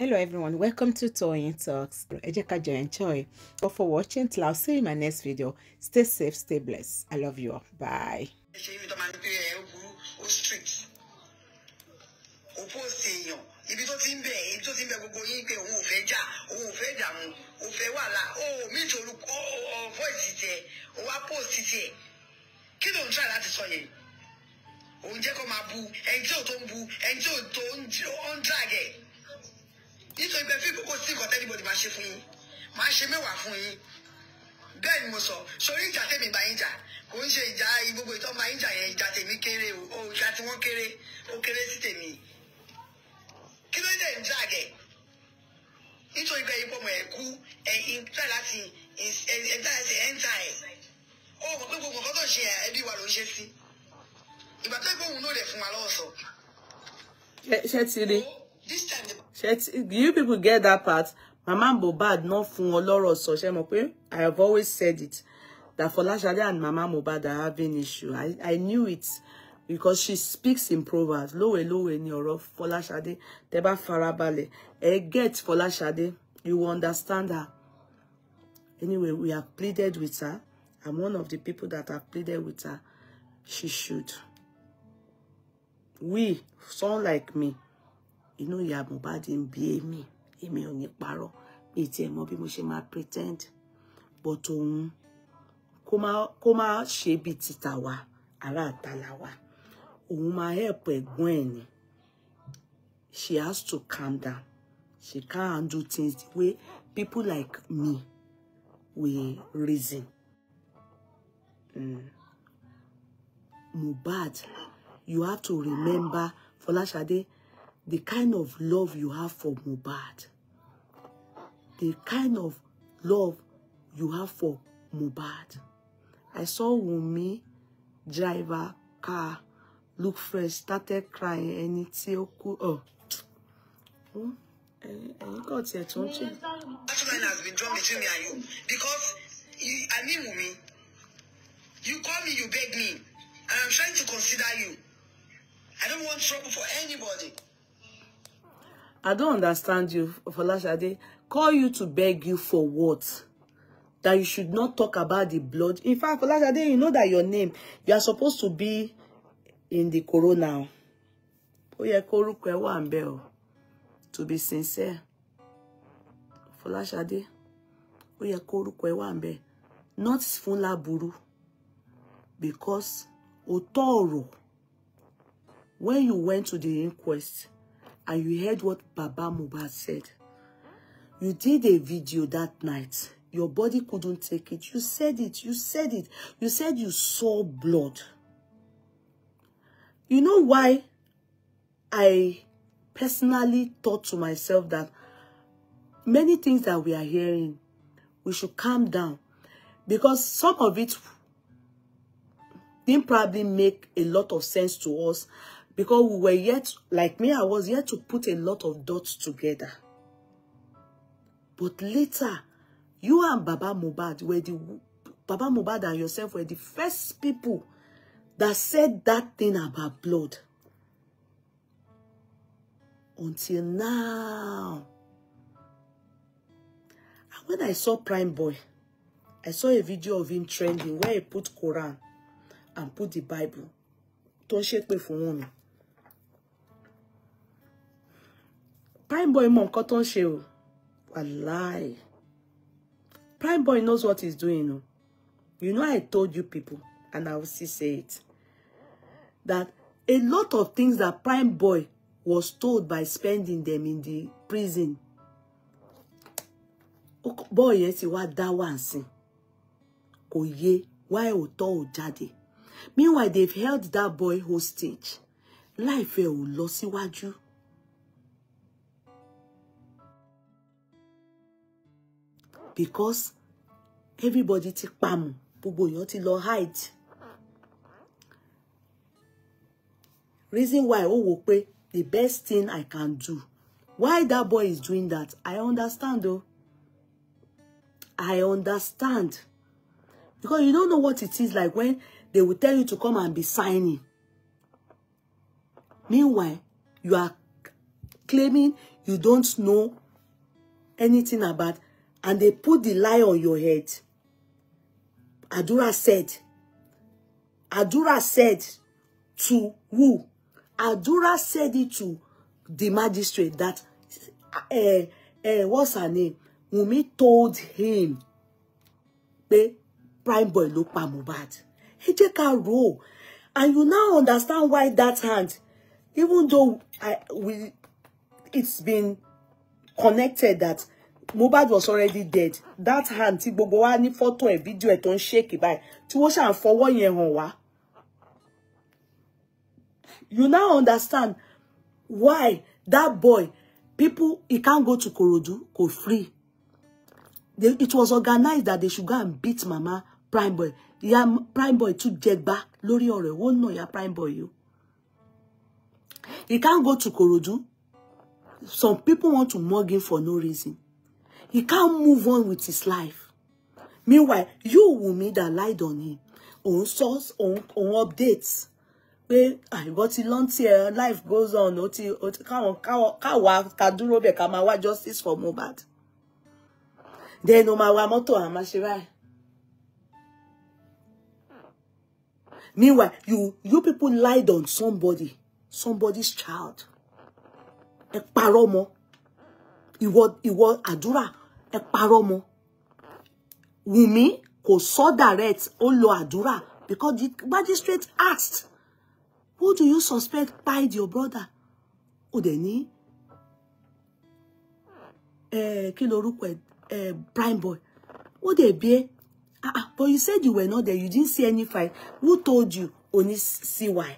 Hello everyone, welcome to Toyeen Talks. Ẹ jẹ́ ká enjoy. But for watching till I'll see you in my next video. Stay safe, stay blessed. I love you all. Bye. ibi tó ti ń bẹ ibi tó ti ń bẹ gbogbo yín pé òun ò fẹ́ jà òun ò fẹ́ dààmú òun fẹ́ wàhálà ó mí ìtòlú ọ̀fọ́ ìtìtẹ̀ ó wá post tiẹ̀ kí ló ń try láti sọ yẹn òun jẹ́ kó máa bu ẹni tí ò tó ń bu ẹni tí ò tó ń drag ẹ̀ nítorí pé fíìmù kò sí nǹkan tẹ́lifọ̀dì máa ṣe fún yín máa ṣe mẹ́wàá fún yín bẹ́ẹ̀ ni mo sọ sórí ìjà tèmi bá yín jà kò ń ṣe ìjà gbogbo ìtọ́ bá yín jà yẹn ìjà tèmi kéré o ìjà tí wọ́n kéré ó kéré sí tèmi kí ló dé ń jà gẹ̀ nítorí pé ipò ọmọ ẹ̀ kú ẹ̀ ń tẹ̀ láti ẹ̀ ń tẹ̀ ẹ̀ ń tà ẹ̀ ó mọ̀ pé gbogbo nǹkan tó ṣe ẹbí wa ló ń ṣe sí ìgbà tó gbóhùn ló dẹ̀ fún wa lọ́wọ́ sọ. ṣé ti rí you people get that part Mama Mohbad náà fún wọn lọ́rọ̀ sọ ṣe mọ̀ I have always said it that Fọláṣadé and Mama Mohbad are having issue I, I knew it because she speaks in proverbs lówelowe ni ọ̀rọ̀ Fọláṣadé tẹ́ bá farabale. ẹ get Fọláṣadé you will understand her anyway we have pleaded with her I'm one of the people that have pleaded with her she should we someone like me inú ìyá Mohbad ń bí èmi èmi ò ní parọ́ mi tiẹ̀ mọ̀ bí mo ṣe máa pretend but òun kó má kó má ṣe bíi títà wa ará àtàlà wa òun máa help ẹ̀gbọ́n ẹ̀ ni she has to calm down she can't handle things the way people like me we reason. Mm. Mohbad you have to remember Fọláṣadé. Mm the kind of love you have for Mubad, the kind of love you have for Mubad. I saw Wumi driver car look fresh, started crying, ẹni tí ó kú. Ẹ̀yin kan tiẹ̀ tó ń ṣe. That line has been drawn between me and you because you, I mean Wumi, you call me, you beg me, and I'm trying to consider you. I don't want trouble for anybody. I don't understand you, Folashade. Call you to beg you for what? That you should not talk about the blood. In fact, Folashade, you know that your name, you are supposed to be in the corona. Oh, yeah, kó orúkọ ẹ wà To be sincere. Folashade, oh, yeah, kó orúkọ ẹ wà Not fún laburu. Because òótọ́ When you went to the inquest, and you heard what Baba Mubad said. You did a video that night. Your body couldn't take it. You said it. You said it. You said you saw blood. You know why I personally thought to myself that many things that we are hearing, we should calm down. Because some of it didn't probably make a lot of sense to us because we were yet, like me, I was yet to put a lot of dots together. But later, you and Baba Mubad were the Baba Mubad and yourself were the first people that said that thing about blood. Until now. And when I saw Prime Boy, I saw a video of him trending where he put Quran and put the Bible. Don't shake me for one. Primeboy mọ nǹkan tó ń ṣe o Prime boy knows what he's doing o you know I told you people and I will still say it that a lot of things that Prime boy was told by spending them in the prison boy yes, he wá dá one sí Oye, yé why òótọ́ ò jáde meanwhile they've held that boy hostage life ẹ̀ ò lọ síwájú. Si because everybody ti pamọ́ gbogbo èèyàn ti lọ hide reason why ó wò pé the best thing I can do why that boy is doing that I understand o I understand because you don't know what it is like when they will tell you to come and be signing meanwhile you are claiming you don't know anything about and they put the lie on your head. Adura said, Adura said to who? Adura said it to the magistrate that, uh, uh, what's her name? Mumi told him pé prime boy look pa Mohbad. Ẹ jẹ́ ká rò. And you now understand why that hand, even though I, we, it's been connected that Mohbad was already dead that hand tí gbogbo wa ní fọ́tò ẹ̀ fídíò ẹ̀ tó ń ṣèkì báyìí tí wọ́n ṣàn fọwọ́ yẹn hàn you now understand why that boy people he can't go to Korodu kò free they, it was organized that they should go and beat mama prime boy Yeah, prime boy tún jẹgba lórí ọ̀rọ̀ ìwọ náà ìyá prime boy you. he can't go to Korodu some people want to mug him for no reason He can't move on with his life. Meanwhile, you, Wunmi, that lied on him, on source, on on updates. pé àìbọ́ ah, ti lọ́ntì ẹ life goes on ó ti káwọn káwa ká dúró bẹ̀ ká máa wá justice for Mohbad then no máa wa mọ́tò àwọn máa meanwhile you you people lied on somebody somebody's child ẹ parọ́ mọ́ ìwọ ìwọ adura ẹ parọ́ mọ́ Wùmí kò sọ direct ó lo àdúrà because the magistrate asked who do you suspect pied your brother ó dẹ̀ ní eh, kí lorúkọ ẹ eh, prime boy ó dẹ̀ bí ah ah but you said you were not there you didn't see any fight who told you oni see why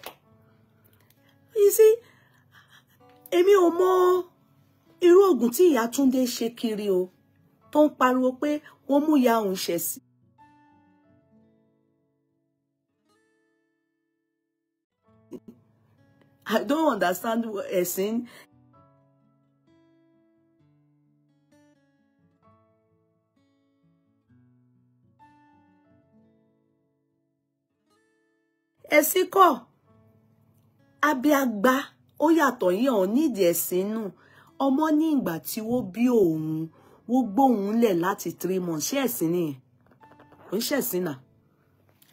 you see emi ò mọ irú oògùn tí ìyá Túndé ṣe kiri o tó ń pariwo pé wọ́n mú ya òun ṣẹ̀ sí. I don't understand ẹ̀sìn ẹ̀sìn kọ́ abẹ́ àgbà ó yàtọ̀ yìí ọ̀hún nídìí ẹ̀sìn nù ọmọ ní ìgbà tí ó bí òun wọ́n gbóhùn lẹ̀ láti three months ṣé ẹ̀sìn nìyẹn kò ń ṣẹ̀sìn náà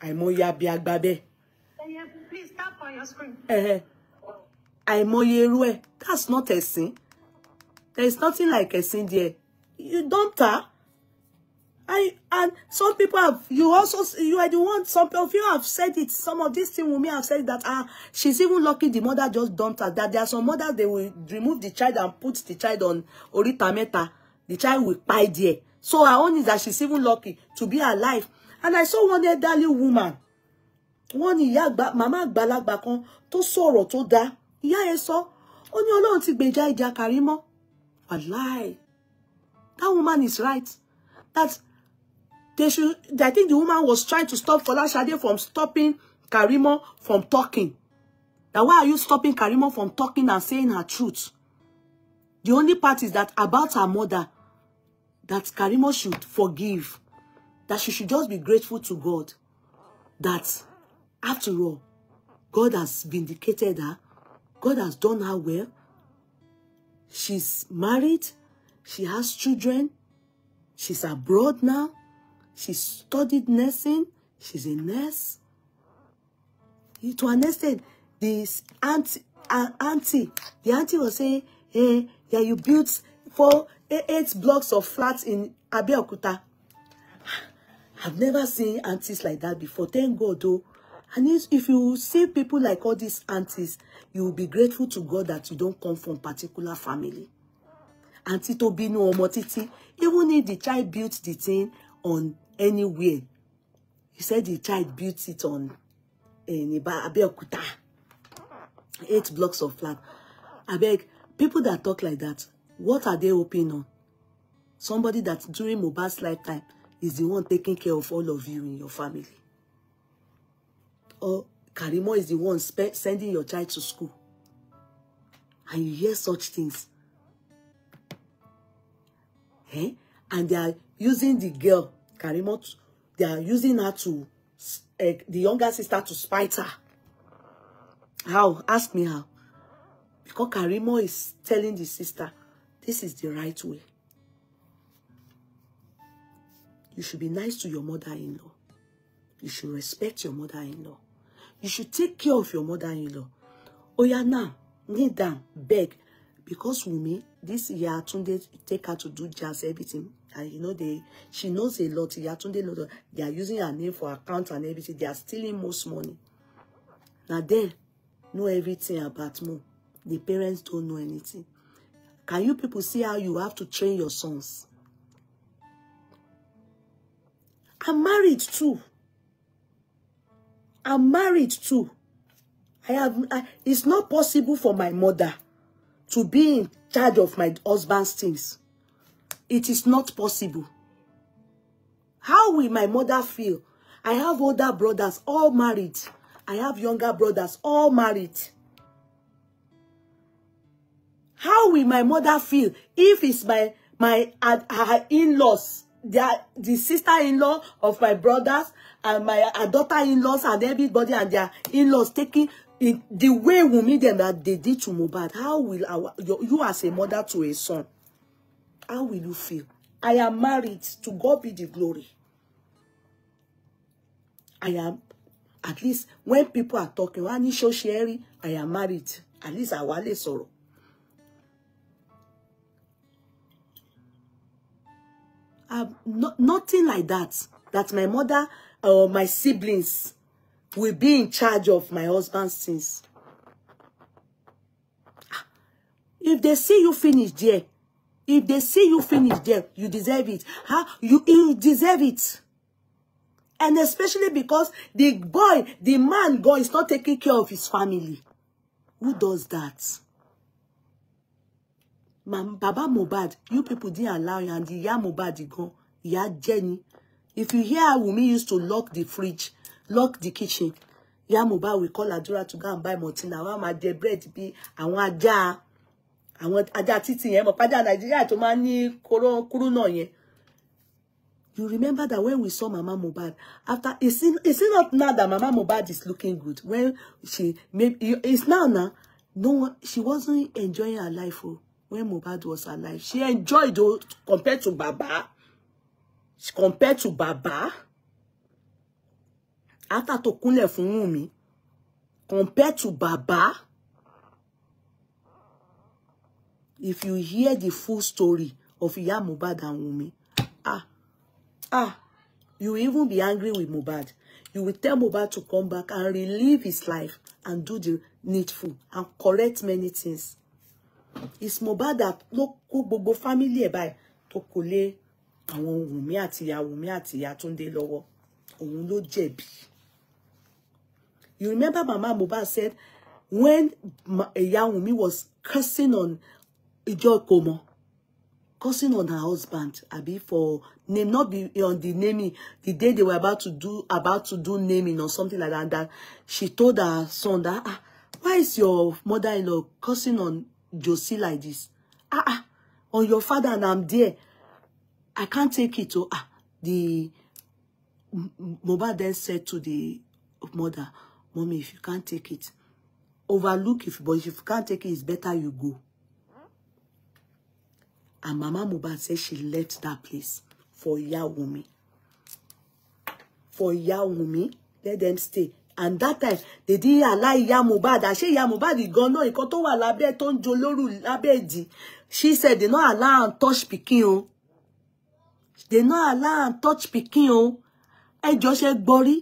àìmọye abi agba bẹ́ẹ̀. àìmọye irú ẹ̀ that's not ẹ̀sìn there is nothing like ẹ̀sìn there you don ta I and some people have you also you are the one some of you have said it some of these things Wunmi have said that ah uh, she's even lucky the mother just dumped her that there are some mothers they will remove the child and put the child on Oríta Mẹ́ta The child will pie there. So her own is that she's even lucky to be alive. And I saw one elderly woman. one ní ìyá àgbà màmá àgbàlagbà kan tó sọ̀rọ̀ tó dáa. Ìyá ẹ sọ, ó ní Ọlọ́run Karimo, a lie. That woman is right. That they should I think the woman was trying to stop Folashade from stopping Karimo from talking. Now why are you stopping Karimo from talking and saying her truth? The only part is that about her mother, that Karimo should forgive, that she should just be grateful to God that after all, God has vindicated her, God has done her well, she's married, she has children, she's abroad now, she studied nursing, she's a nurse. You To understand this auntie, uh, auntie, the auntie was saying, hey, yeah, you built four eight blocks of flats in Abeokuta. I've never seen aunties like that before. Thank God, though. And if you see people like all these aunties, you will be grateful to God that you don't come from particular family. Auntie Tobino motiti even if the child built the thing on anywhere, he said the child built it on eh, in Abeokuta, eight blocks of flat. I beg people that talk like that, What are they hoping on? Somebody that during Mohbad's lifetime is the one taking care of all of you in your family. Or Karimo is the one sending your child to school. And you hear such things. Eh? And they are using the girl, Karimo, they are using her to, uh, the younger sister to spite her. How? Ask me how. Because Karimo is telling the sister, This is the right way. You should be nice to your mother-in-law. You should respect your mother-in-law. You should take care of your mother-in-law. Oya na kneel down, beg. Because Wunmi, this Iya Atunde take her to do just everything. And you know, they she knows a lot. Iya They are using her name for account and everything. They are stealing most money. Now, they know everything about Mo. The parents don't know anything. Can you people see how you have to train your sons? I'm married too. I'm married too. I have. I, it's not possible for my mother to be in charge of my husband's things. It is not possible. How will my mother feel? I have older brothers, all married. I have younger brothers, all married. How will my mother feel if it's my my her in-laws, the, sister-in-law of my brothers and my daughter-in-laws and everybody and their in-laws taking it, the way we meet them that they did to Mubad? How will our your, you as a mother to a son? How will you feel? I am married. To God be the glory. I am at least when people are talking, I am married. At least I lè sorrow. uh, no, nothing like that. That my mother or my siblings will be in charge of my husband's sins. Ah, if they see you finish there, if they see you finish there, you deserve it. Huh? You, you deserve it. And especially because the boy, the man, God is not taking care of his family. Who does that? baba mohbad you people didn't allow you and the mohbad gan ìyá jẹ́ Jenny, if you hear how used to lock the fridge lock the kitchen ìyá mohbad will call Adura to go and buy I want my jẹ bread bí àwọn ajá àwọn ajá títì yẹn mọ̀ pàjá nàìjíríà tó máa ń ní kúrú náà yẹn You remember that when we saw Mama Mohbad, after is it, is it not now that Mama Mohbad is looking good? When she maybe it's now now, no she wasn't enjoying her life. Oh when Mohbad was alive. She enjoyed those compared to Baba. Compared to Baba. After tó kúnlẹ̀ fún Compared to Baba. If you hear the full story of Iya Mohbad and Wunmi, ah, ah, you will even be angry with Mohbad. You will tell Mohbad to come back and relive his life and do the needful and correct many things is Mohbad ló kó gbogbo fámílì ẹ̀ báyìí tó kò lé àwọn Wùnmí àti ìyá Wùnmí àti ìyá Túndé lọ́wọ́ òun ló jẹ̀bi you remember mama Mohbad said when ìyá Wùnmí was cursing on ìjọ Komo, cursing on her husband abi for name not be on the naming the day they were about to do about to do naming or something like that that she told her son that ah why is your mother-in-law cursing on Josie like this. Ah, ah, on your father and I'm there. I can't take it. Oh, ah, the Mohbad then said to the mother, Mommy, if you can't take it, overlook if, but if you can't take it, it's better you go. And Mama Mohbad said she left that place for Yawumi. For Yawumi, let them stay and that time they did allow ìyá Mohbad àṣé ìyá Mohbad gan náà nǹkan tó wà lábẹ́ tó ń jo lóru lábẹ́ ìdí she said they no allow and touch pikin o they no allow and touch pikin o ẹjọ́ ṣe gbọ́rí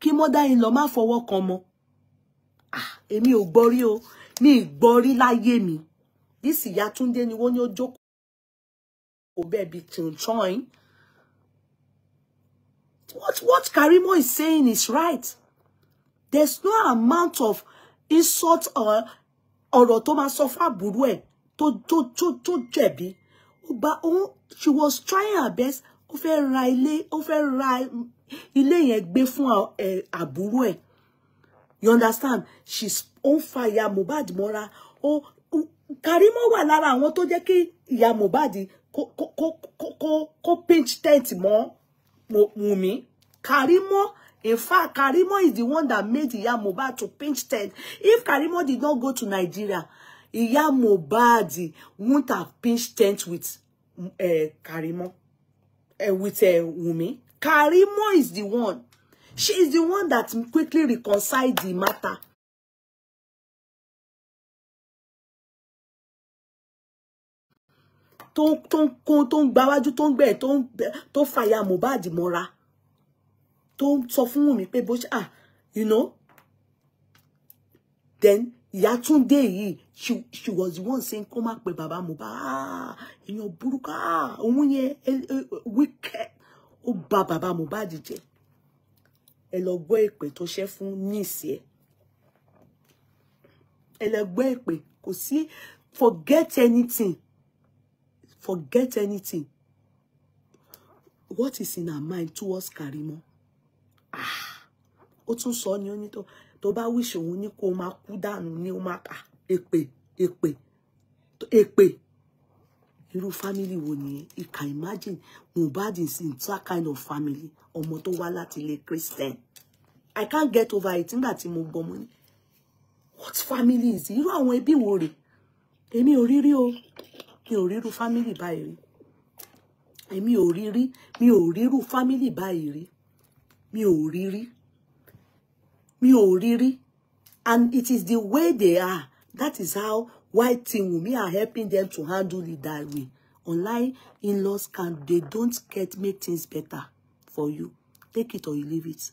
kí mọ́dá yìí lọ for fọwọ́ come mọ́ ah, èmi ò gbọ́rí o mi ì gbọ́rí láyé mi this is Túndé ni wọ́n ní ó jókòó kò bẹ́ẹ̀ bí what what Karimo is saying is right there's no amount of insult or or tó máa sọ to to to tó tó tó jẹ̀bi she was trying her best ó Riley, ra ilé ó fẹ́ ra ilé yẹn gbé fún àbúrò ẹ̀ you understand she's on fire Mohbad mọ́ra ó Karimo wà lára àwọn tó jẹ́ kí ìyá Mohbad kó kó kó kó pinch tent mọ́ Wùmí Karimo In fact, Karimo is the one that made Iya Mohbad to pinch 10. If Karimo did not go to Nigeria, Iya Mohbad wouldn't have pinched tent with uh, Karimo, uh, with uh, eh, woman. Karimo is the one. She is the one that quickly reconciled the matter. tó ń gbáwájú tó ń gbẹ̀ tó ń fàyà Mohbad mọ́ra tó ń sọ fún Wùmí pé bó ṣe ah you know then ìyá yìí she she was the one saying kó má pe bàbá Mohbad ah, èèyàn burúkú ah, òun yẹn wicked ó bà bàbá Mohbad jẹ́ ẹ lọ gbọ́ èpè tó ṣẹ́ fún níìsì ẹ̀ ẹ lọ gbọ́ èpè kò sí forget anything forget anything what is in her mind towards Karimo ó tún sọ ni ó ní tó bá wíṣọ òun ní kó máa kú dànù ní ó máa kà èpè èpè èpè irú family wo nìyẹn you can imagine Mohbad is in that kind of family ọmọ tó wá láti ilé christian i can't get over it nígbà tí mo gbọmọ ni what family is irú àwọn ẹbí wo rè èmi ò rí rí o mi ò rírú family báyìí rí èmi ò rí rí mi ò rírú family báyìí rí mi ò rí mi ò rí and it is the way they are that is how white team wumi are helping them to handle it that way online in-laws can they don't get make things better for you take it or you leave it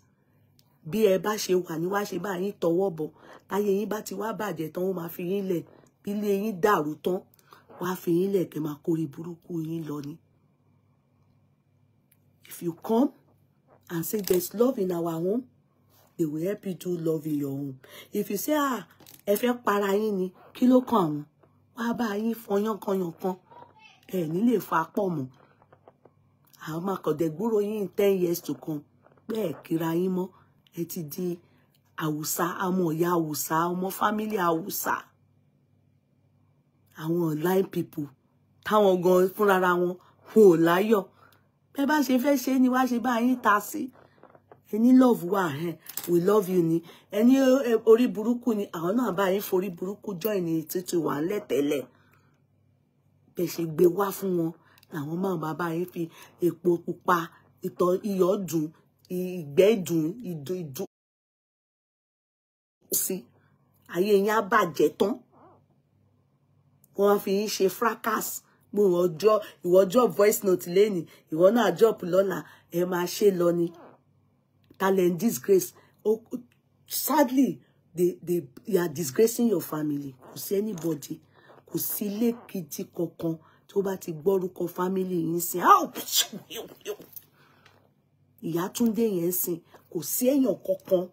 bí ẹ bá ṣe wà ní wá ṣe bá yín tọwọ́ bọ̀ táyé yín bá ti wá bàjẹ́ tán ó máa fi yín lẹ̀ bílé yín dàrú tán wàá fi yín lẹ̀ kẹ́ máa kórè burúkú yín lọ ni if you come and say there's love in our home they will help you do love in your home if you say ah if fẹ́ para yín ni kí ló kàn wọ́n wá yon yín fọyán kanyankan ẹ ní lè fa pọ̀ mọ́ àwọn akọ̀dẹ̀ gbúrò in ten years to come bẹ́ẹ̀ kíra yín mọ́ ẹ ti di àwùsá ọmọ ìyá àwùsá ọmọ fámílì àwùsá àwọn online people táwọn gan fúnra wọn wò láyọ̀ bẹ́ẹ̀ bá ṣe fẹ́ ṣe ni wá ṣe bá yín ta sí ẹni love wà hẹn we love you ni ẹni orí burúkú ni àwọn náà bá yín forí burúkú join ní títí wà ń lẹ́tẹ̀lẹ̀ bẹ́ẹ̀ ṣe gbé wá fún wọn làwọn máa máa bá yín fi epo pupa ìtọ̀ iyọ̀ dùn ìgbẹ́ dùn ìdùn sí ayé yín á bàjẹ́ tán wọ́n fi yín ṣe fracas mo ọjọ́ ìwọ drop voice note lẹ́nìí ìwọ náà drop lọ́la ẹ máa ṣe lọ ni talent disgrace oh, sadly they they you are disgracing your family kò sí anybody kò sí ilé kìtì kankan tó bá ti gbọ́rúkọ family yín sin ìyá túndé yẹn sin kò sí èèyàn kankan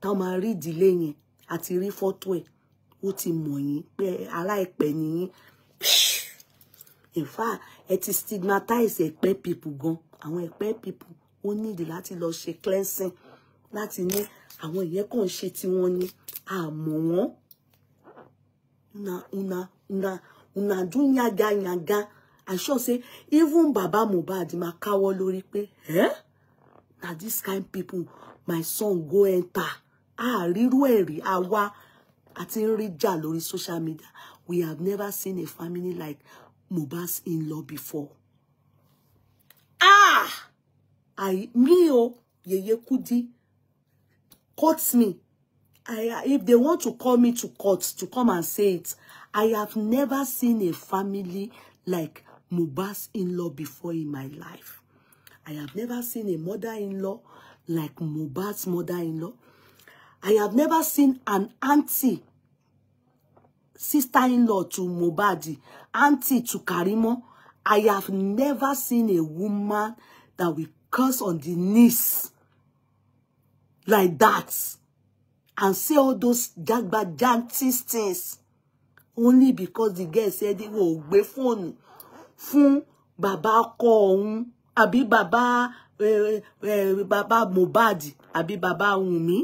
táwọn máa rí ìdílé yẹn àti rí fọ́tò ẹ̀ ó ti mọ̀ yín pé ará ìpẹ́ nìyín in fact it is stigmatized. ẹ ti stigmatize ẹ̀pẹ́ pipu gan àwọn ẹ̀pẹ́ pipu ó nídìí láti lọ ṣe cleansing láti ní àwọn ìyẹn kàn ṣe tí wọ́n ní àmọ́ wọ́n una una una una dún yàgá I àṣọ say, even baba Mohbad máa káwọ́ lórí pé ẹ́ this kind people my son go enter àrírú ẹ̀rí àwa àti ń rí jà lórí social media We have never seen a family like Mubas in-law before. Ah! I, me o, Yeye Kudi, Courts me. I, if they want to call me to court, to come and say it, I have never seen a family like Mubas in-law before in my life. I have never seen a mother-in-law like Mubas mother-in-law. I have never seen an auntie sister-in-law to Mobadi, auntie to Karimo, I have never seen a woman that will curse on the knees like that and say all those jagbajantis things only because the girl said they will gbé phone fún bàbá ọkọ ọ̀hún àbí bàbá eh, eh, eh Baba Mohbad Abi Baba Wunmi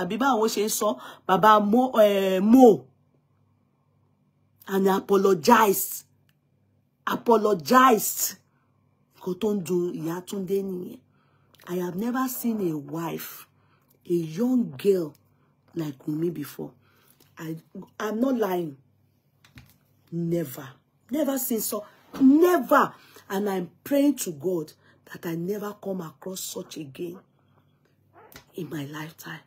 àbí báwọn ṣe ń sọ bàbá mo, eh, mo and apologized apologized kò tó ń dùn ìyá I have never seen a wife a young girl like me before I I'm not lying never never seen so never and I'm praying to God that I never come across such again in my lifetime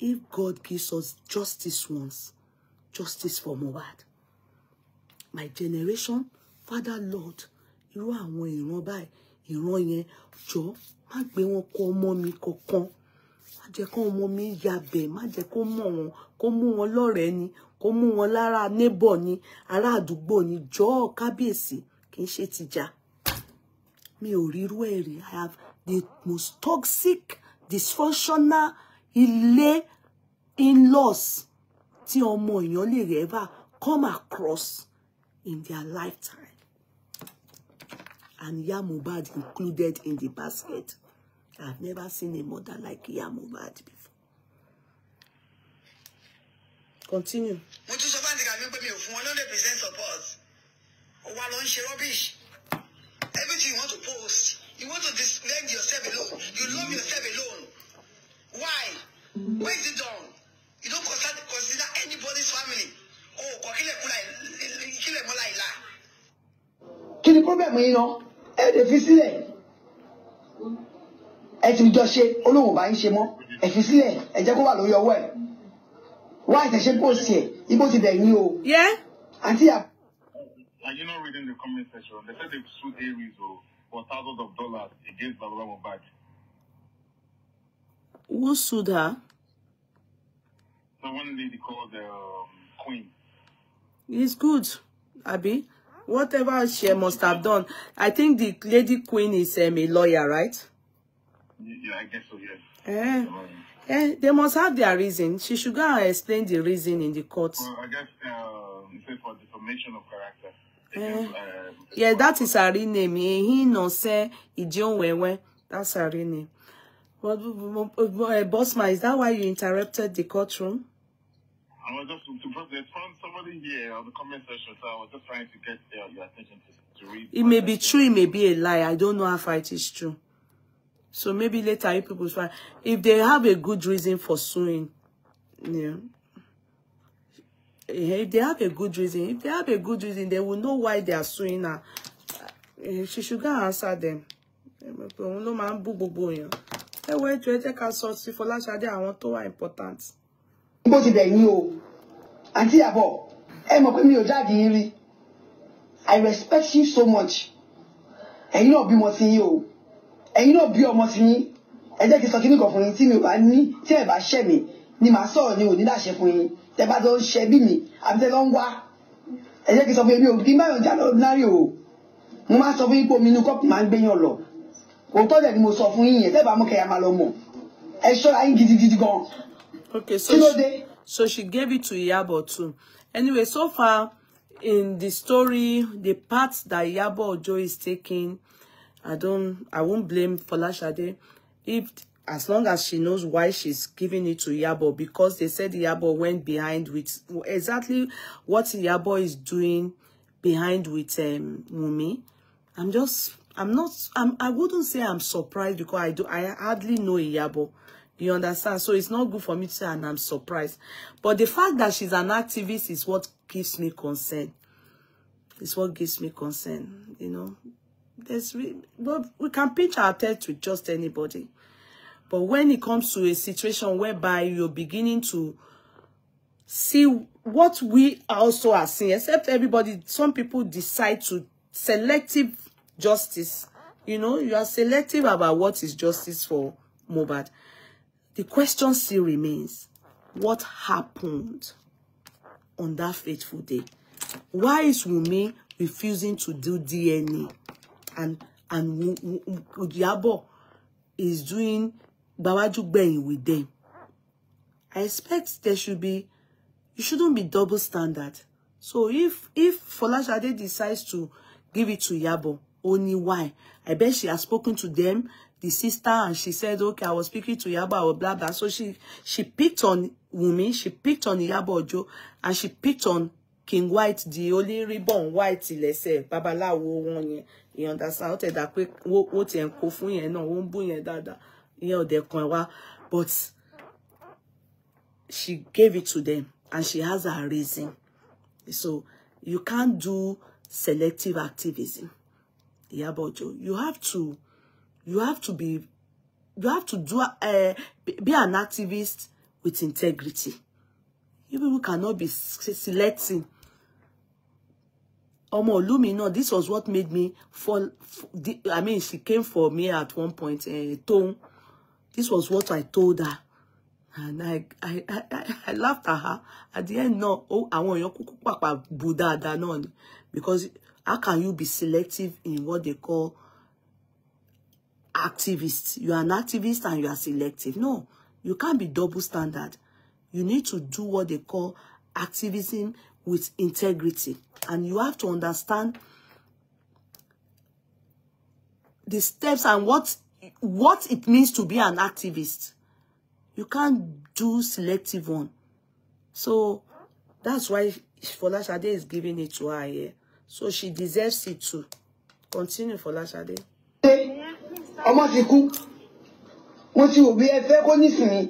if God gives us justice once justice for Mohbad my generation father lord irú àwọn ìran báyìí ìran yẹn jọ má gbé wọn kọ ọmọ mi kankan má jẹ́ kó ọmọ mi yabẹ̀ má jẹ́ kó mọ̀ wọn kó mú wọn lọ́rẹ̀ẹ́ ni kó mú wọn lára nébọ ni ará àdúgbò ni jọ kábíyèsí kì í ṣe tìjà mi ò rírú ẹ̀ i have the most toxic dysfunctional ilé in-laws tí ọmọ èèyàn lè rẹ́ bá come across in their lifetime. And Yamubad included in the basket. I've never seen a mother like Yamubad before. Continue. Mo tún sọ fún àǹtí kàmí pé mi support. Ó wá rubbish. Everything you want to post, you want to defend yourself alone. You love yourself alone. Why? Where is it done? You don't consider, consider anybody's family o kọ kílẹ̀ kúlà kílẹ̀ mọ́lá ìlà. kí ni pọ́bẹ̀mù yín náà ẹ lè fi sílẹ̀ ẹ ti jọ ṣe olóhùn bá ń ṣe mọ́ ẹ fi sílẹ̀ ẹ jẹ́ kó wà lórí ọwọ́ ẹ̀ wá ìtẹ̀ṣẹ́ pòsì ẹ̀ ibo ti bẹ̀ yín o. àǹtí yà. Are you not reading the comment section? They said they sued Aries o oh, for thousands of dollars against Baba Mohbad. Who sued her? So one lady called um, Queen it's good abi whatever she must have done i think the lady queen is um, a lawyer right yeah i guess so yes eh. Eh, they must have their reason she should go and explain the reason in the court well, i guess um, for defamation of character Eh. Uh, yeah, that is her real name. Ehin no se Ijonwewe. That's her real name. Well, eh, bossman, is that why you interrupted the courtroom? I was just because they found somebody here on the comment section, so I was just trying to get uh, your attention to, to read. It may be true, it may be a lie. I don't know how far it is true. So maybe later you people find if they have a good reason for suing, yeah. Eh, if they have a good reason, if they have a good reason, they will know why they are suing her. Eh, she should go answer them. Eh, òun ló boo boo bú gbogbo èèyàn. Ẹ wọ ẹjọ́ ẹ jẹ́ ká sọ sí Fọláṣadé àwọn tó wà important bó ti dẹ̀ yín o àǹtí àbọ̀ ẹ mọ̀ pé mi ò jáde yín rí I respect you so much ẹ̀yin náà bímọ sí yín o ẹ̀yin náà bí ọmọ sí yín ẹ jẹ́ kí n sọ kíní kan fún yín tí mi ò bá ní tí ẹ bá ṣẹ̀ mi ni màá sọ̀rọ̀ ni ò ní láṣẹ fún yín tẹ bá jọ ń ṣẹ bí mi àbí tẹ lọ ń wá ẹ jẹ́ kí n sọ fún yín mi kí n bá yàn já lọ́dúnárì o mo máa sọ fún yín pé omi inú kọ́ọ̀pù máa ń gbé yàn lọ òótọ́ dẹ̀ ni mo sọ fún yín yẹn tẹ́ bá mú kẹ́yà máa lọ mọ̀ ẹ ṣọ́ra yín gidigidi gan Okay, so she, so she gave it to Yabo too. Anyway, so far in the story, the part that Iyabo Ojo is taking, I don't, I won't blame Folashade. If as long as she knows why she's giving it to Yabo, because they said Yabo went behind with exactly what Yabo is doing behind with um, Wunmi. I'm just, I'm not, I'm, I wouldn't say I'm surprised because I do, I hardly know Yabo. You understand? So it's not good for me to say, and I'm surprised. But the fact that she's an activist is what gives me concern. It's what gives me concern, you know. There's, we, well, we can pinch our teeth with just anybody. But when it comes to a situation whereby you're beginning to see what we also are seeing, except everybody, some people decide to selective justice. You know, you are selective about what is justice for Mobad. The question still remains, what happened on that fateful day? Why is Wumi refusing to do DNA? And and Yabo is doing Bawaju Gbeyin with them. I expect there should be, you shouldn't be double standard. So if if Folashade decides to give it to Yabo, only why? I bet she has spoken to them the sister and she said, okay, I was speaking to Yaba or blah, blah. So she, she picked on Wumi, she picked on Yaba Ojo, and she picked on King White, the only reborn White, let's say, Babalawo wọn yẹn. You understand? Ó tẹ̀ dá pé wọ́n ti ń kó fún yẹn náà, wọ́n You know they dáadáa. But she gave it to them and she has her reason. So you can't do selective activism. Yaba Ojo, you have to you have to be you have to do uh, be an activist with integrity you people cannot be selecting Omo, lumi, no. this was what made me fall i mean she came for me at one point uh, eh, Toun this was what i told her and i i i, I laughed at her at the end náà ó àwọn èèyàn kúkú pàpà bu dáadáa náà because how can you be selective in what they call activist. You are an activist and you are selective. No, you can't be double standard. You need to do what they call activism with integrity. And you have to understand the steps and what what it means to be an activist. You can't do selective one. So that's why Folashade is giving it to her here. So she deserves it too. Continue, Folashade ọmọ ti kú wọ́n ti wò bí ẹ fẹ́ kó nísìnyí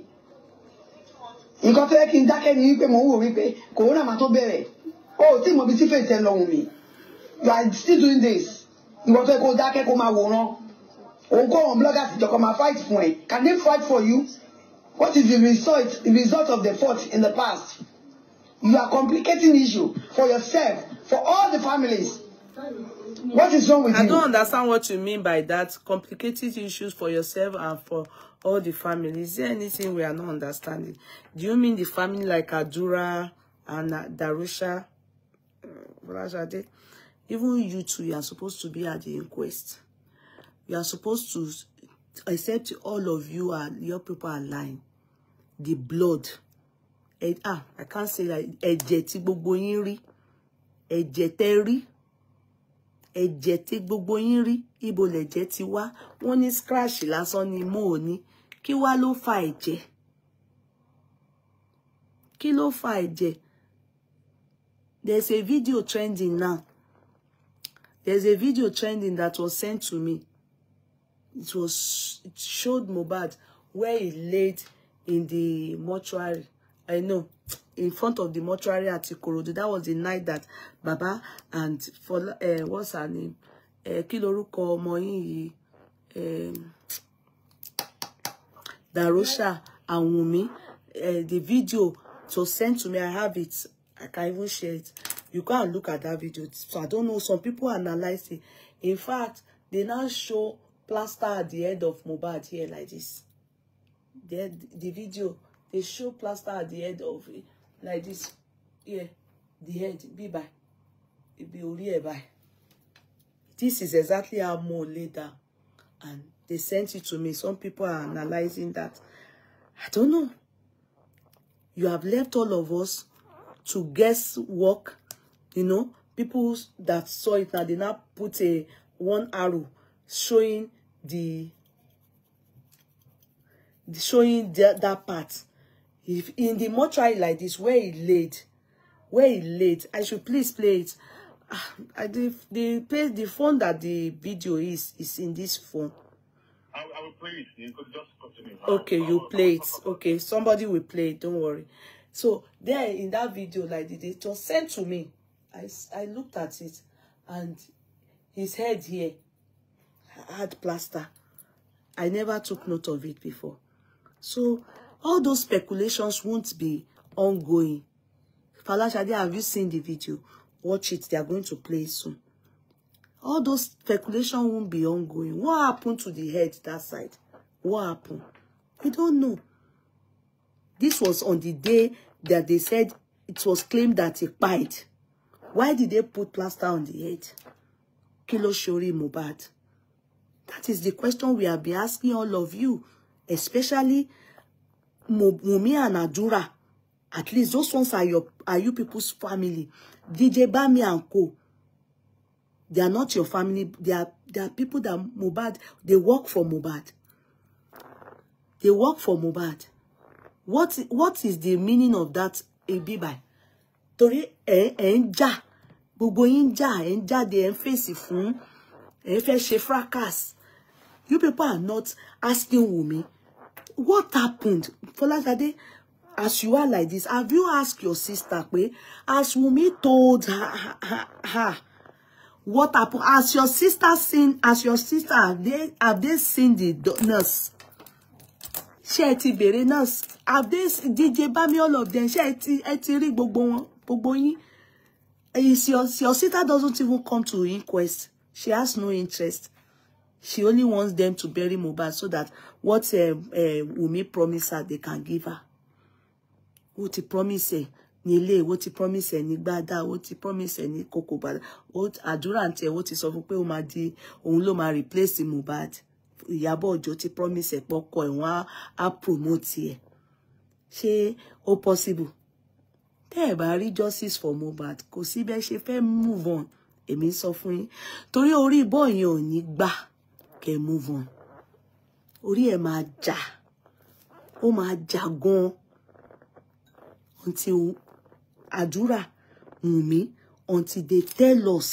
nǹkan fẹ́ kí n dákẹ́ ni wípé mò ń wò wípé kòrónà máa tó bẹ̀rẹ̀ o ò tí mo bí tí fèsì lọ́hùn mi you are still doing this ìwọ fẹ́ kó dákẹ́ kó máa wòran òun kó àwọn bloggers ìjọkọ̀ máa fight fún ẹ can they fight for you what is the result the result of the fault in the past you are complicating issue for yourself for all the families. What is wrong with I you? I don't understand what you mean by that. Complicated issues for yourself and for all the family. Is there anything we are not understanding? Do you mean the family like Adura and Darusha? Uh, Even you two, you are supposed to be at the inquest. You are supposed to, except all of you are, your people are lying. The blood. ah, I can't say that. Ẹ̀jẹ̀ tí gbogbo Ejeteri ẹ̀jẹ̀ tí gbogbo yín rí ibo lẹ̀jẹ̀ ti wá wọ́n ní scratch lásán ni mo ò ní kí wá ló fa ẹ̀jẹ̀ kí ló fa ẹ̀jẹ̀ there's a video trending now there's a video trending that was sent to me it was it showed Mohbad where he laid in the mortuary I know, in front of the mortuary at Ikorodu. That was the night that Baba and for uh, eh, what's her name? Uh, kí lorúkọ um, Darosha and Wumi. Uh, eh, the video to send to me, I have it. I can even share it. You can't look at that video. So I don't know. Some people analyze it. In fact, they now show plaster at the end of Mohbad here like this. The, the video they show plaster at the head of it like this yeah, the head bí báyìí ibi orí ẹ̀ báyìí this is exactly how Mo lay and they sent it to me some people are analyzing that I don't know you have left all of us to guess work you know people that saw it now they now put a one arrow showing the showing the, that part if in the mortuary like this where he laid where he laid i should please play it ah, I, the, the the phone that the video is is in this phone I, will play it. You could just continue. Okay, you play it. Okay, somebody will play it. Don't worry. So there in that video, like they was sent to me. I, I looked at it, and his head here had plaster. I never took note of it before. So all those speculations won't be ongoing. Falashade, have you seen the video? Watch it. They are going to play soon. All those speculation won't be ongoing. What happened to the head that side? What happened? We don't know. This was on the day that they said it was claimed that he bite. Why did they put plaster on the head? Kí ló ṣorí That is the question we have been asking all of you, especially Mumi and Adura, at least those ones are your are you people's family. DJ Bami and Co. They are not your family. They are they are people that Mohbad. They work for Mohbad. They work for Mohbad. What what is the meaning of that ebi by? Torí ẹ ẹ inja Enja. gbogbo yín jà ẹ ń You people are not asking Wunmi what happened Folashade as you are like this have you asked your sister pé as Mumi told her, her, her, what happened as your sister seen as your sister have they have they seen the nurse ṣé ti bèrè nurse have they did DJ Bami all of them ṣé ti ẹ ti rí is your your sister doesn't even come to inquest she has no interest she only wants them to bury Mohbad so that what um, eh, uh, eh, Wumi promise her they can give her. What he promise ni le. ilé, ó ti promise ẹ ní gbádá, ó ti promise ẹ ní kòkò bàdá. Àdúrà ń tẹ̀, ó ti sọ fún pé ó máa di òun ló máa replace Mohbad. Ìyábọ̀ Ọjọ́ ti promise ẹ̀ pọ́kọ ẹ̀ wọ́n á promote ẹ̀. Ṣé ó possible? Tẹ́ ẹ̀ bá justice for Mohbad, kò sí bẹ́ẹ̀ ṣe fẹ́ move on. Èmi ń sọ fún yín. Torí orí bọ́ọ̀ yẹn ò ní gbà move on orí ẹ̀ máa jà ó máa jà gan until àdúrà Wunmi until they tell us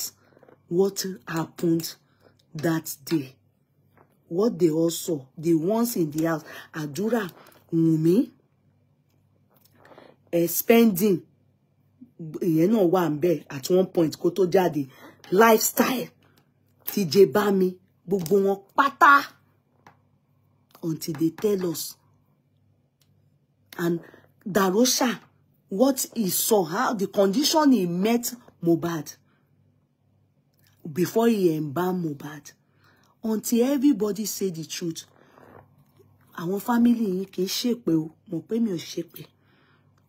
what happened that day what they all saw the ones in the house àdúrà Wunmi eh, spending ìyẹn náà wà ń bẹ at one point kó tó jáde lifestyle TJ Bami gbogbo wọn pátá until they tell us. And Darosha, what he saw, how the condition he met Mobad before he embalmed Mobad, until everybody say the truth. our family yín kì í ṣèpè o, mọ̀ pé mi ò ṣèpè.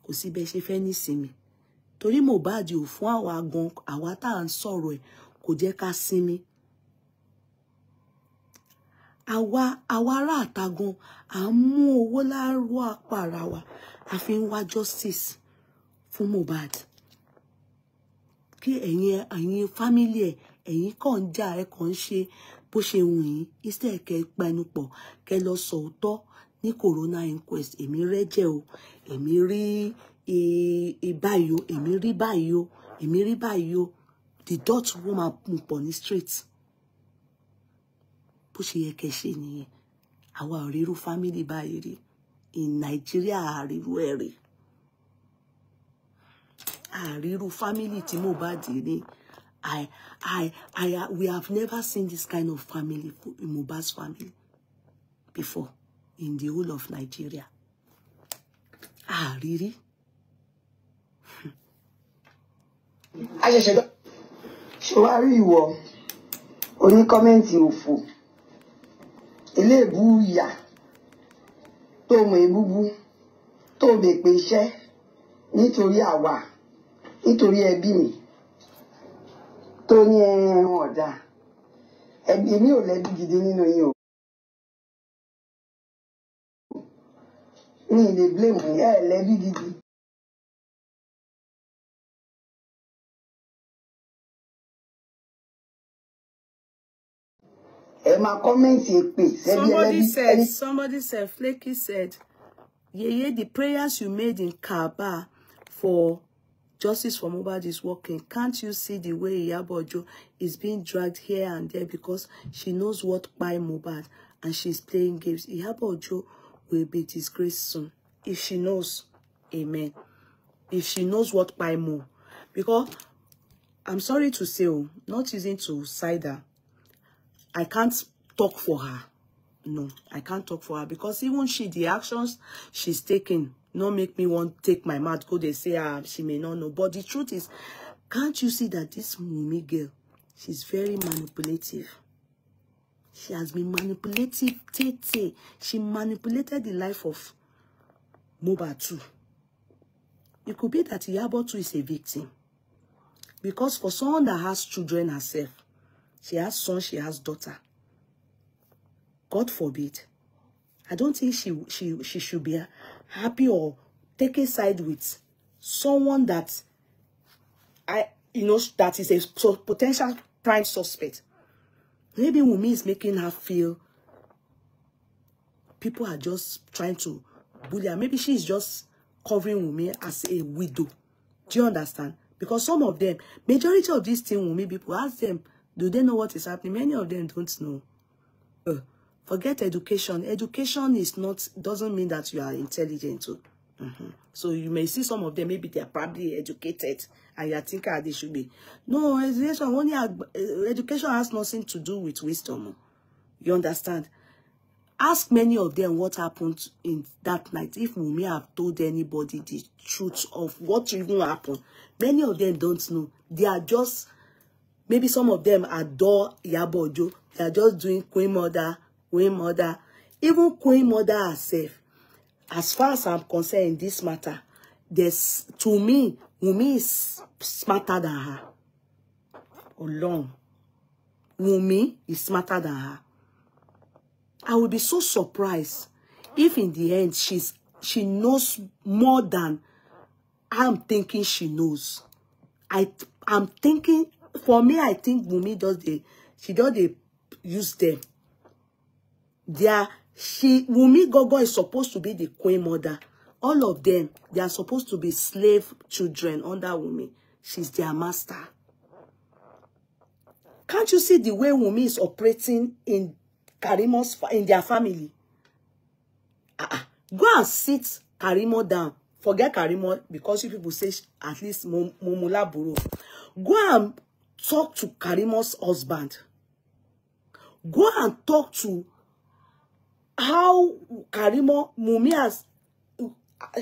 Kò sí bẹ́ẹ̀ ṣe fẹ́ nísinmi. Torí Mohbad ò fún àwa gan, àwa tá à ń sọ̀rọ̀ ẹ̀ kò jẹ́ ká sinmi àwa àwa ará àtagun à ń mú owó láàárọ apá ara wa a fi ń wá justice fún Mohbad kí ẹ̀yin ẹ̀yin family ẹ̀ ẹ̀yin kàn ń jà ẹ̀ kàn ń ṣe bó ṣe wù yín iṣẹ́ kẹ́ panupọ̀ kẹ́ lọ sọ òótọ́ ní corona inquest èmi rẹ́jẹ̀ o èmi rí báyìí o èmi rí báyìí èmi rí báyìí the dot woman pọ̀ ní street bó ṣe yẹ kẹ́ ṣe nìyẹn àwa ò fámìlì báyìí rí in nàìjíríà àrírú ẹ̀ rí àrírú fámìlì tí Mohbad ní I, I, I, we have never seen this kind of family in Mohbad's family before in the whole of Nigeria àrírí. a ṣẹ̀ṣẹ̀ dọ́ ṣe wá rí ìwọ oní kọ́mẹ́ǹtì òfò eléèbú ìyà tó mọ ìbúbú tó mèpè iṣẹ́ nítorí àwa nítorí ẹbí mi tó ní ẹran ọ̀dà ẹbí mi ò lẹ́bí gidi nínú yín o. mi ì lè blame ẹ lẹ́bí gidi. ẹ máa somebody said somebody said Flaky said yeye the prayers you made in Kaba for justice for Mohbad is working can't you see the way Iyabo is being dragged here and there because she knows what kpai Mohbad and she's playing games Iyabo will be disgraced soon if she knows amen if she knows what kpai mo because i'm sorry to say oh not using to cider." I can't talk for her. No, I can't talk for her because even she, the actions she's taking, not make me want take my mouth go they say ah, she may not know but the truth is can't you see that this mommy girl she's very manipulative she has been manipulative tete she manipulated the life of moba too it could be that Iyabo too is a victim because for someone that has children herself She has son, she has daughter. God forbid. I don't think she she she should be happy or take a side with someone that I you know that is a potential prime suspect. Maybe Wumi is making her feel people are just trying to bully her. Maybe she's just covering Wumi as a widow. Do you understand? Because some of them, majority of these thing Wumi people, ask them, Do they know what is happening? Many of them don't know. Uh, forget education. Education is not doesn't mean that you are intelligent. Too. Mm -hmm. So you may see some of them, maybe they are probably educated and you think how ah, they should be. No, education only uh, education has nothing to do with wisdom. You understand? Ask many of them what happened in that night. If Mumi have told anybody the truth of what even happened, many of them don't know. They are just Maybe some of them adore Iyabo They are just doing Queen Mother, Queen Mother. Even Queen Mother herself, as far as I'm concerned in this matter, there's, to me, Wunmi is smarter than her. Ọlọ́run. Wunmi is smarter than her. I will be so surprised if in the end she's she knows more than I'm thinking she knows. I I'm thinking for me i think Wunmi does the. she does the use them their she Wumi Gogo is supposed to be the queen mother all of them they are supposed to be slave children under Wumi. she's their master can't you see the way Wumi is operating in Karimo's in their family ah uh -uh. go and sit Karimo down forget Karimo because you people say at least Mumula Buru, Go and Talk to Karima's husband. Go and talk to how Karima Mumias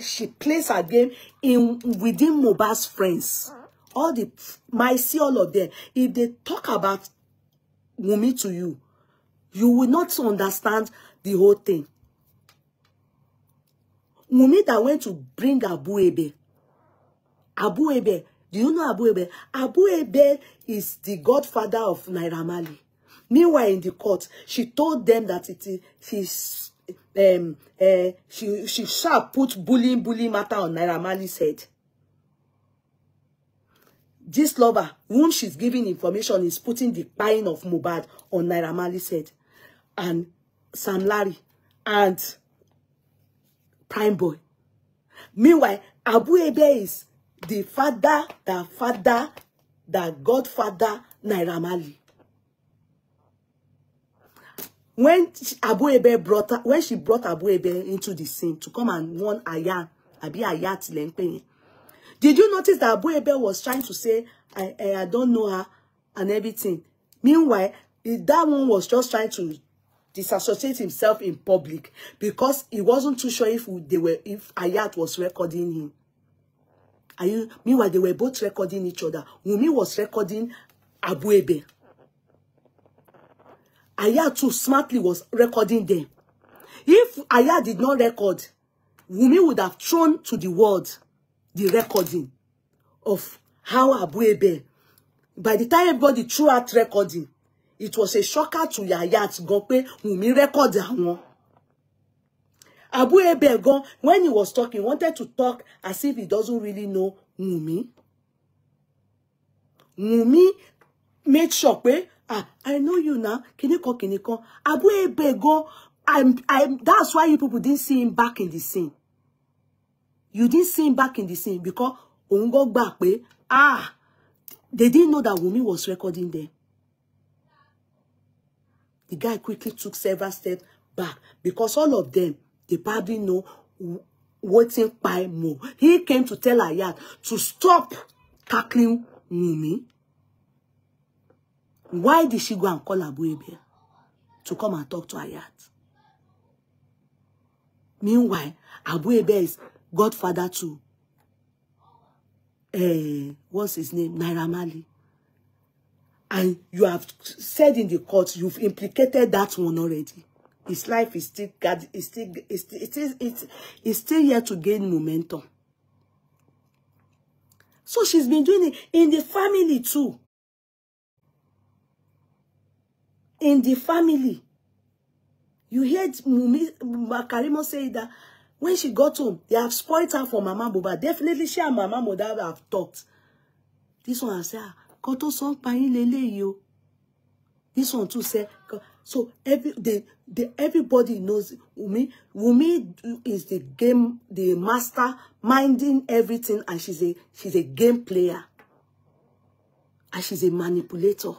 she plays her game in within Mobas friends. All the my see all of them. If they talk about Wumi to you, you will not understand the whole thing. Wumi that went to bring Abu Ebe. Abu Ebe Do you know Abu Ebe? Abu Ebe is the godfather of Nairamali. Meanwhile, in the court, she told them that it is she's um uh, she she shall put bullying bullying matter on Nairamali's head. This lover, whom she's giving information, is putting the pain of Mubad on Nairamali's head, and Sam Larry, and Prime Boy. Meanwhile, Abu Ebe is the father the father the godfather Nairamali. Marley. When Aboebe brought her, when she brought Aboebe into the scene to come and warn Aya, Abi Aya Tilenpenye, did you notice that Aboebe was trying to say, I, I, I don't know her and everything? Meanwhile, that one was just trying to disassociate himself in public because he wasn't too sure if they were if Ayat was recording him. Are you? Meanwhile, they were both recording each other. Wumi was recording Abuebe. Aya too smartly was recording them. If Aya did not record, Wumi would have thrown to the world the recording of how Abuebe. By the time everybody threw out recording, it was a shocker to Yaya to go pay Wumi record àwọn. Abu Ebegon, when he was talking, wanted to talk as if he doesn't really know Mumi. Mumi made sure pé, ah, I know you now. Kini kan kini kan. Abu Ebegon, gan, I'm, I'm, that's why you people didn't see him back in the scene. You didn't see him back in the scene because òun gan gbà pé, ah, they didn't know that Wumi was recording there. The guy quickly took several steps back because all of them The barely know waiting by Mo. He came to tell Ayat to stop tackling Wumi. Why did she go and call Abu Ebia to come and talk to Ayat? Meanwhile, Abu Ebia is godfather to, uh, what's his name, Naira Marley. And you have said in the court, you've implicated that one already. His life is still, is still, is still, it is, it is still here to gain momentum. So she's been doing it in the family too. In the family. You heard Mumi Karimo say that when she got home, they have spoiled her for Mama Buba. Definitely she and Mama Moda have talked. This one has said, ah, Koto song payin lele yo. This one too said, So every the the everybody knows Wumi. Wumi is the game, the master, minding everything, and she's a she's a game player. And she's a manipulator.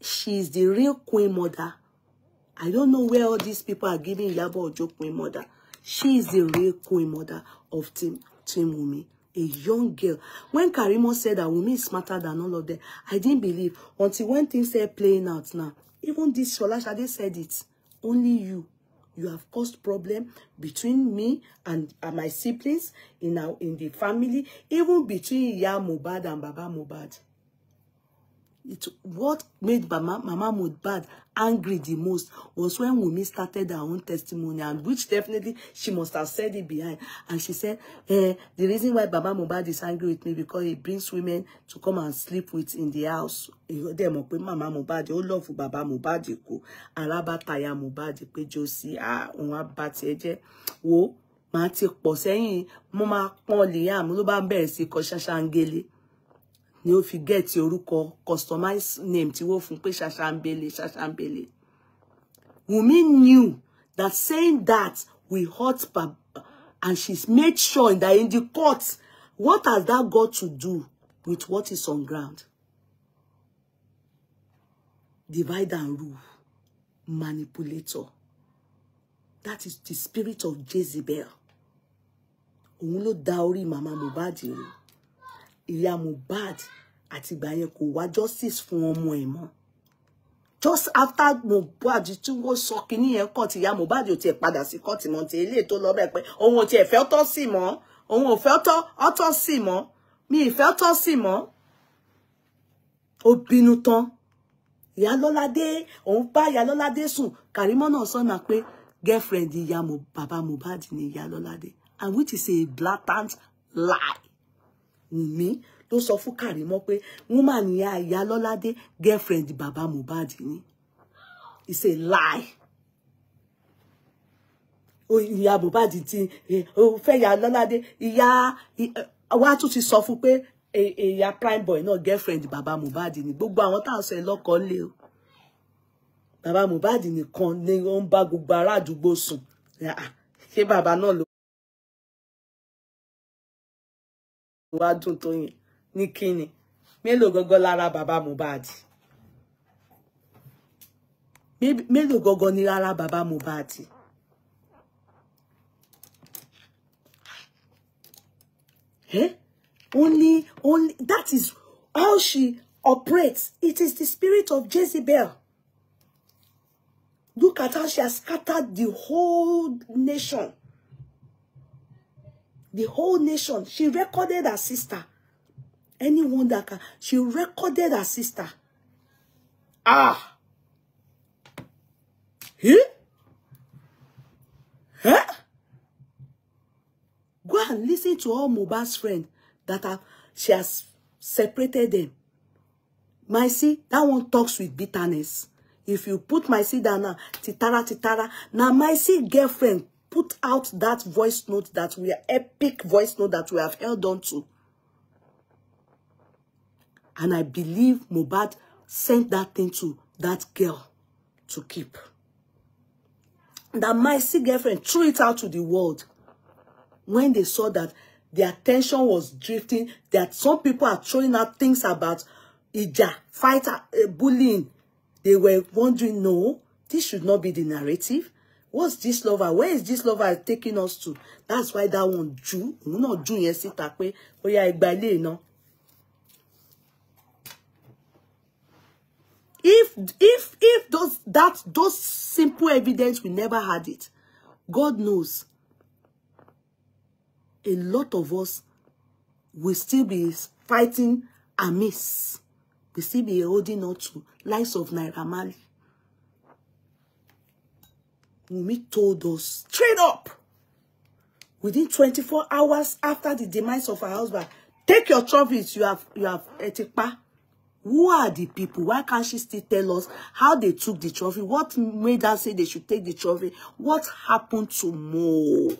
She's the real queen mother. I don't know where all these people are giving Yabo or Ojo queen mother. She is the real queen mother of Team Team Wumi a young girl. When Karimo said that Wunmi is smarter than all of them, I didn't believe until when things started playing out now. Even this Shola Shade said it. Only you. You have caused problem between me and, and my siblings in our in the family, even between Ya Mubad and Baba Mubad it, what made Mama, Mama Mohbad angry the most was when Wumi started her own testimony, and which definitely she must have said it behind. And she said, eh, the reason why Baba Mubad is angry with me because he brings women to come and sleep with in the house. Dẹ̀ mọ̀ pé Mama Mubad, ó love Baba Mohbad kò, ara bá taya Mohbad pé Josie, ah, òun á bá tiẹ̀ jẹ́, wò, màá ti pọ̀ sẹ́yìn, mo máa pọ́n Liam, ló bá bẹ̀rẹ̀ sí kọ ṣáṣángélé ni ó fi gẹ́ẹ̀tì orúkọ customize name tí wọ́n fún pé ṣàṣàmbélé ṣàṣàmbélé Wunmi knew that saying that we hurt Baba and she's made sure that in the court what has that got to do with what is on ground divide and rule manipulator that is the spirit of Jezebel òun ló da orí màmá Mohbad rú ìyá Mohbad àtìgbà yẹn kò wá justice fún ọmọ ẹ̀ mọ́ just after Mohbad tí wọ́n sọ kínní yẹn kàn tí ìyá Mohbad ò tiẹ̀ padà sí kọ́ọ̀tì mọ́ tí eléyìí tó lọ bẹ́ẹ̀ pé òun ò tiẹ̀ fẹ́ tọ́ sí mọ́ òun ò fẹ́ tọ́ sí mọ́ mi ìfẹ́ tọ́ sí mọ́ ó bínú tán ìyálọ́ládé òun bá ìyálọ́ládé sùn kàrímọ́ náà sọ́nà pé girlfriend ìyá bàbá Mohbad ni ìyálọ́ládé and which is a blatant lie Wùnmí ló sọ fún Kàrímọ́ pé woman ìyá ìyá Lọ́ládé girlfriend bàbá Mohbad ni it's a lie ìyá Mohbad ti ó eh, fẹ́ ìyá Lọ́ládé ìyá eh, wa tún ti sọ fún pé e, e, ìyá prime boy náà girlfriend bàbá Mohbad ni gbogbo àwọn tá à ń sọ ẹ lọ́kọ̀ọ́ lé o bàbá Mohbad nìkan ni ó ń bá gbogbo ará àdúgbò sùn ah, ah, ṣé bàbá náà ló. wá dùn tó yẹn ní kíni mélòó gọgọ lára bàbá Mohbad mélòó gọgọ ní lára bàbá Mohbad. Eh? Only, only, that is how she operates. It is the spirit of Jezebel. Look at how she has scattered the whole nation the whole nation. She recorded her sister. Anyone that can, she recorded her sister. Ah. Huh? Huh? Go and listen to all Mohbad's friends that have, she has separated them. My see, that one talks with bitterness. If you put my see down now, titara titara, now my see girlfriend put out that voice note that we are epic voice note that we have held on to. And I believe Mubad sent that thing to that girl to keep. That my sick girlfriend threw it out to the world when they saw that the attention was drifting, that some people are throwing out things about Ija, fighter, uh, bullying. They were wondering, no, this should not be the narrative what's this lover where is this lover taking us to that's why that one ju òun náà ju yẹn síta pé bóyá ẹgbà ilé iná if if if those that those simple evidence we never had it God knows a lot of us will still be fighting amiss we still be holding on to lies of Naira Marley Wunmi told us straight up, within 24 hours after the demise of her husband, take your trophies, you have, you have, etikpa. Who are the people? Why can't she still tell us how they took the trophy? What made her say they should take the trophy? What happened to Mo?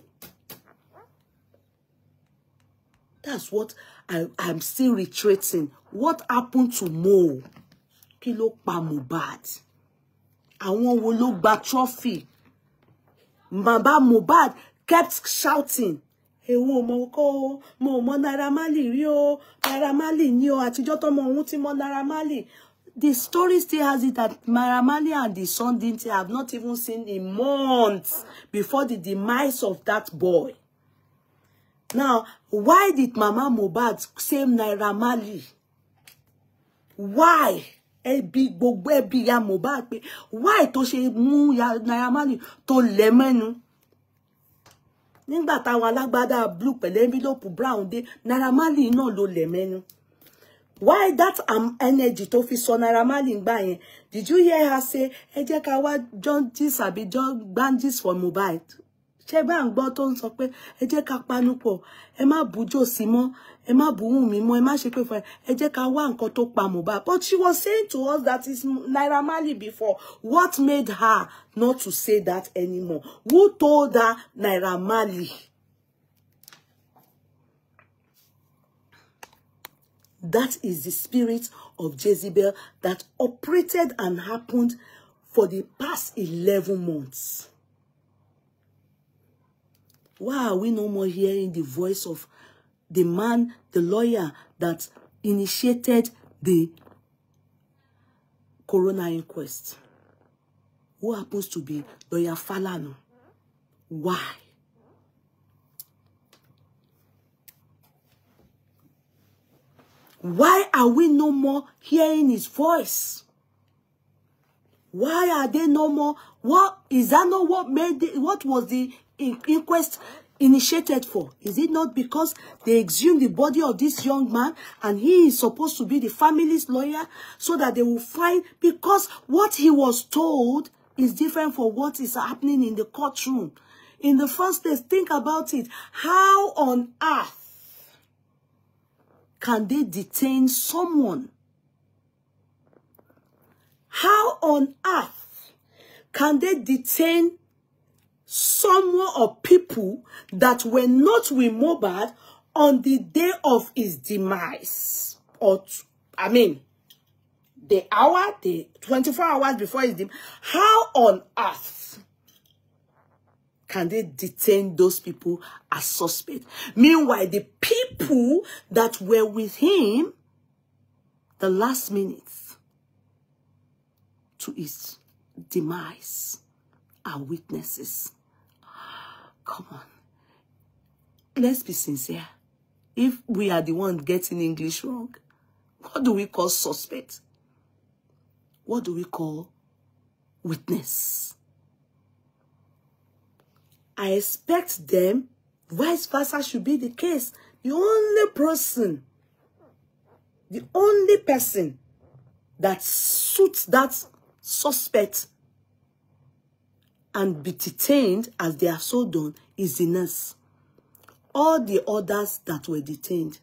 That's what I, I'm still retracing. What happened to Mo? Kí ló pa Mohbad? Àwọn wo ló gba trophy? Baba Mubad kept shouting. Ewo mo ko mo mo Naira Marley rí Naira Marley ni o àtijọ́ tó mọ ohun mo Naira Marley the story still has it that Naira Marley and the son didn't have not even seen in months before the demise of that boy. Now, why did Mama Mubad save Naira Marley? Why? ẹbí gbogbo ẹbí ya Mohbad pé why tó ṣe mú Naira Marley tó lẹ̀ mẹ́nu nígbà táwọn alágbádá blue pẹ̀lú envelope brown dé Naira Marley náà ló lẹ̀ mẹ́nu why that am energy tó fi sọ Naira Marley ngbà yẹn did you hear her say ẹ jẹ́ ká wá jaundice àbí jaundice for mobile ṣe bá ń gbọ́ tó ń sọ pé ẹ jẹ́ ká panupọ̀ ẹ má bú jòsí mọ́ ẹ má bú Wùnmí mọ́ ẹ má ṣe pé fún ẹ ẹ jẹ́ ká wá nǹkan tó pa Mohbad but she was saying to us that is Naira Marley before what made her not to say that anymore who told her Naira Marley that is the spirit of Jezebel that operated and happened for the past eleven months. Why are we no more hearing the voice of the man, the lawyer that initiated the corona inquest? Who happens to be lawyer Falano? Why? Why are we no more hearing his voice? Why are they no more? What is that not what made the, what was the inquest initiated for? Is it not because they exhumed the body of this young man and he is supposed to be the family's lawyer so that they will find because what he was told is different from what is happening in the courtroom. In the first place, think about it. How on earth can they detain someone? How on earth can they detain someone or people that were not with Mobad on the day of his demise. Or, I mean, the hour, the 24 hours before his demise. How on earth can they detain those people as suspects? Meanwhile, the people that were with him the last minutes to his demise are witnesses. Come on. Let's be sincere. If we are the one getting English wrong, what do we call suspect? What do we call witness? I expect them, vice versa should be the case. The only person, the only person that suits that suspect and be detained as they have so done is enough. All the others that were detained,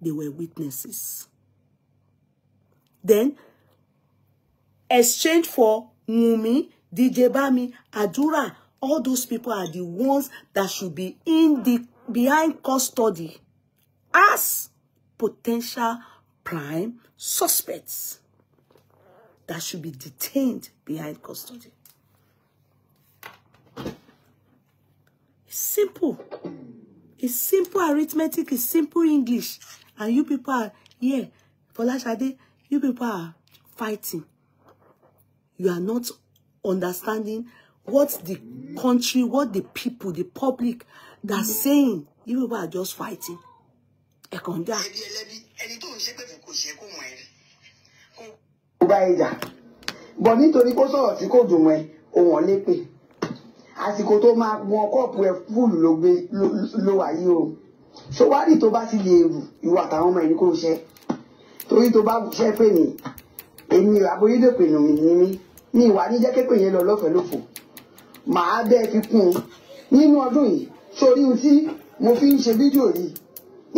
they were witnesses. Then, exchange for Mumi, DJ Bami, Adura, all those people are the ones that should be in the behind custody as potential prime suspects that should be detained behind custody. Simple. It's simple arithmetic, it's simple English. And you people are, yeah, Folashade, you people are fighting. You are not understanding what the country, what the people, the public, they're saying. You people are just fighting. Ekonda. But nítorí kó sọ̀rọ̀ tí kò dùn wọn, òun àsìkò tó máa wọn kọ́ọ̀pù ẹ̀ fúlù ló gbé ló wà yìí o ṣọwárì tó bá sì lè rù ìwà àtàwọn ọmọ ẹ̀ ní kò ṣe torí tó bá ṣe pè mí èmi àbóyédè pè mí ní mí ní ìwà níjẹ́ képe yẹn lọ lọ́fẹ̀ẹ́ lófò màá bẹ́ẹ̀ fi kún un nínú ọdún yìí sórí ohun tí mo fi ń ṣe fídíò yìí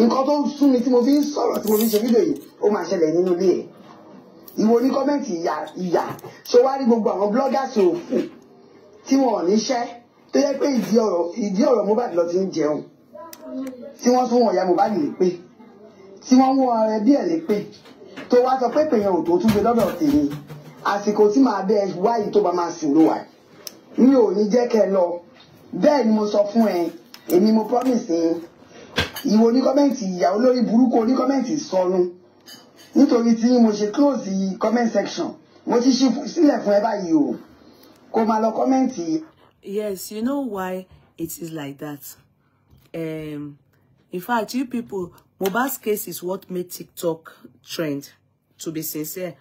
nǹkan tó sún mi tí mo fi ń sọ̀rọ̀ tí mo fi ń ṣe fídíò yìí ó máa ṣẹlẹ̀ nínú ilé ẹ̀ ní kọ́mẹ́ǹtì ìyà ìyà gbogbo àwọn blọ́gàsì tí wọn ò níṣẹ́ tó yẹ pé ìdí ọ̀rọ̀ ìdí ọ̀rọ̀ Mohbad lọ ti ń jẹun tí wọ́n tún wọ̀n ya Mohbad lè pé tí wọ́n wọ ẹbí ẹ̀ lè pé tó wá sọ pé pèyàn ò tó tún gbé lọ́dọ̀ tèmi àsìkò tí màá bẹ wáyé tó bá máa sùn ló wà mi ò ní jẹ́ kẹ́ lọ bẹ́ẹ̀ ni mo sọ fún ẹ èmi mo promise yín ìwọ ní kọ́mẹ́ǹtì ìyàwó lórí burúkú oní kọ́mẹ́ǹtì sọnù nítorí tí mo ṣe close comment section mo ti sílẹ̀ fún ẹ báyìí o kó máa lọ kọ́mẹ́ǹtì. yes you know why it is like that um, in fact you people Mohbad's case is what made TikTok trend to be sincere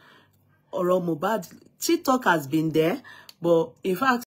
ọ̀rọ̀ Mohbad TikTok has been there but in fact